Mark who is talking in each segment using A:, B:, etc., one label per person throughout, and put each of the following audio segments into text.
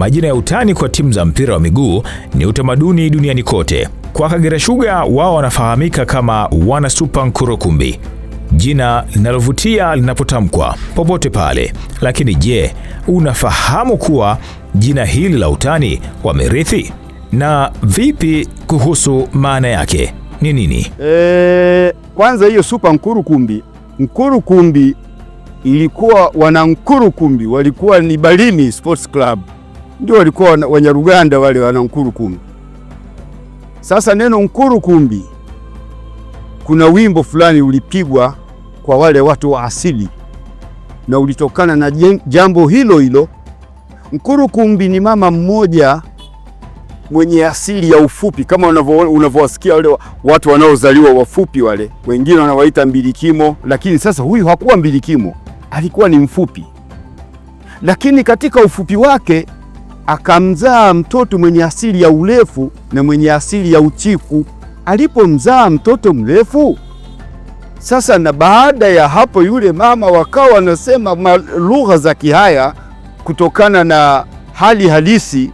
A: Majina ya utani kwa timu za mpira wa miguu ni utamaduni duniani kote. Kwa Kagera Sugar, wao wanafahamika kama wana Supa Nkurukumbi, jina linalovutia linapotamkwa popote pale. Lakini je, unafahamu kuwa jina hili la utani wamerithi? Na vipi kuhusu maana yake ni nini?
B: E, kwanza hiyo Supa Nkurukumbi, Nkurukumbi ilikuwa wana Nkurukumbi walikuwa ni Balimi Sports Club ndio walikuwa Wanyaruganda wale wana Nkurukumbi. Sasa neno Nkurukumbi, kuna wimbo fulani ulipigwa kwa wale watu wa asili na ulitokana na jambo hilo hilo. Nkurukumbi ni mama mmoja mwenye asili ya ufupi kama unavyowasikia wale watu wanaozaliwa wafupi wale, wengine wanawaita mbilikimo, lakini sasa huyu hakuwa mbilikimo, alikuwa ni mfupi, lakini katika ufupi wake akamzaa mtoto mwenye asili ya urefu na mwenye asili ya uchifu. Alipomzaa mtoto mrefu sasa, na baada ya hapo, yule mama wakawa wanasema lugha za Kihaya kutokana na hali halisi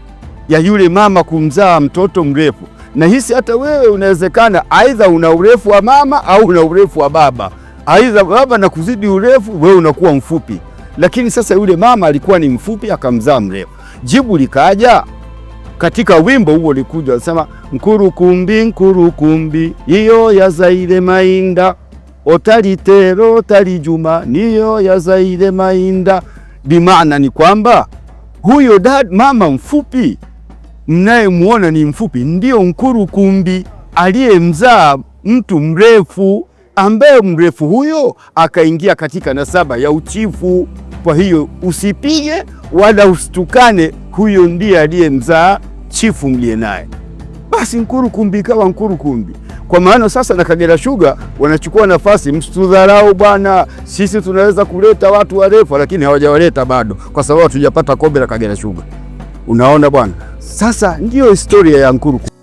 B: ya yule mama kumzaa mtoto mrefu. Na hisi hata wewe unawezekana, aidha una urefu wa mama au una urefu wa baba, aidha baba na kuzidi urefu, wewe unakuwa mfupi. Lakini sasa yule mama alikuwa ni mfupi, akamzaa mrefu. Jibu likaja katika wimbo huo, likuja asema nkurukumbi nkurukumbi iyo yazaire mainda otalitero otalijuma niyo yazaire mainda. Bimaana ni kwamba huyo dad mama mfupi mnayemwona ni mfupi, ndiyo nkurukumbi aliyemzaa mtu mrefu ambaye mrefu huyo akaingia katika nasaba ya uchifu. Kwa hiyo usipige wala usitukane, huyo ndiye aliyemzaa chifu mliye naye. Basi Nkurukumbi ikawa Nkurukumbi. Kwa maana sasa na Kagera Sugar wanachukua nafasi. Msitudharau bwana, sisi tunaweza kuleta watu warefu, lakini hawajawaleta bado, kwa sababu hatujapata kombe la Kagera Sugar. Unaona bwana, sasa ndiyo historia ya Nkurukumbi.